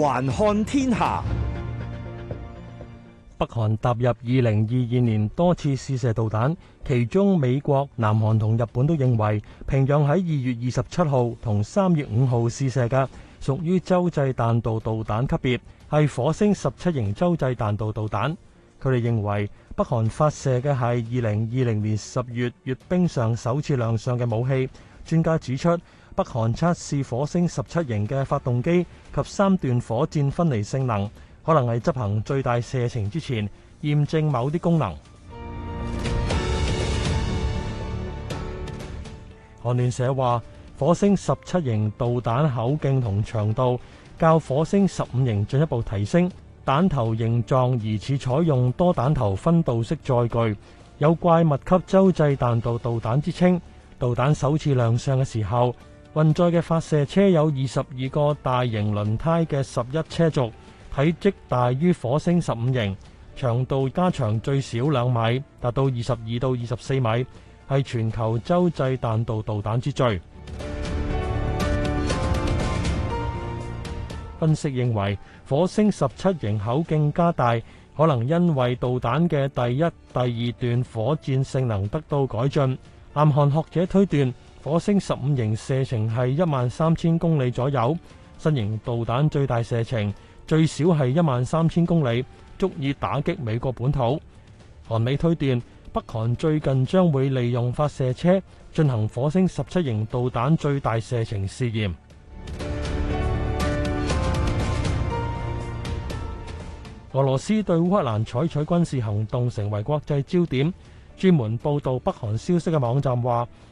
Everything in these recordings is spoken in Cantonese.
環看天下，北韓踏入二零二二年多次試射導彈，其中美國、南韓同日本都認為平壤喺二月二十七號同三月五號試射嘅，屬於洲際彈道導彈級別，係火星十七型洲際彈道導彈。佢哋認為北韓發射嘅係二零二零年十月閱兵上首次亮相嘅武器。專家指出。北韓測試火星十七型嘅發動機及三段火箭分離性能，可能係執行最大射程之前驗證某啲功能。韓聯社話，火星十七型導彈口徑同長度較火星十五型進一步提升，彈頭形狀疑似採用多彈頭分導式載具，有怪物級洲際彈道導彈之稱。導彈首次亮相嘅時候，運載嘅發射車有二十二個大型輪胎嘅十一車軸，體積大於火星十五型，長度加長最少兩米，達到二十二到二十四米，係全球洲際彈道導彈之最。分析認為，火星十七型口徑加大，可能因為導彈嘅第一、第二段火箭性能得到改進。南韓學者推斷。火星十五型射程係一萬三千公里左右，新型導彈最大射程最少係一萬三千公里，足以打擊美國本土。韓美推斷北韓最近將會利用發射車進行火星十七型導彈最大射程試驗。俄羅斯對烏克蘭採取軍事行動成為國際焦點，專門報道北韓消息嘅網站話。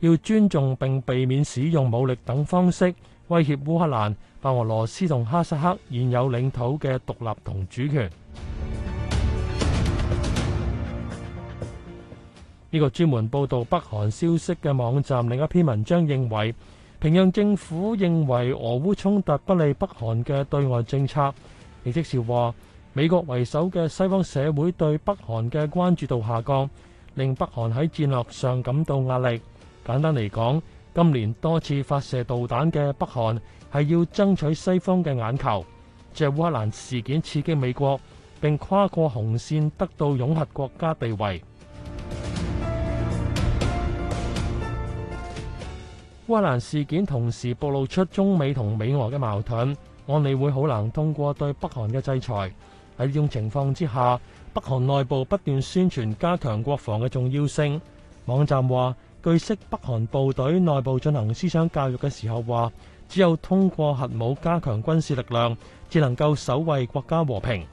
要尊重並避免使用武力等方式威脅烏克蘭，白俄羅斯同哈薩克現有領土嘅獨立同主權。呢個專門報道北韓消息嘅網站另一篇文章認為平壤政府認為俄烏衝突不利北韓嘅對外政策。亦即是話美國為首嘅西方社會對北韓嘅關注度下降，令北韓喺戰略上感到壓力。簡單嚟講，今年多次發射導彈嘅北韓係要爭取西方嘅眼球。借烏克蘭事件刺激美國，並跨過紅線得到擁核國家地位。 烏克蘭事件同時暴露出中美同美俄嘅矛盾。安理會好難通過對北韓嘅制裁。喺呢種情況之下，北韓內部不斷宣傳加強國防嘅重要性。網站話。據悉，北韓部隊內部進行思想教育嘅時候話，只有通過核武加強軍事力量，至能夠守衛國家和平。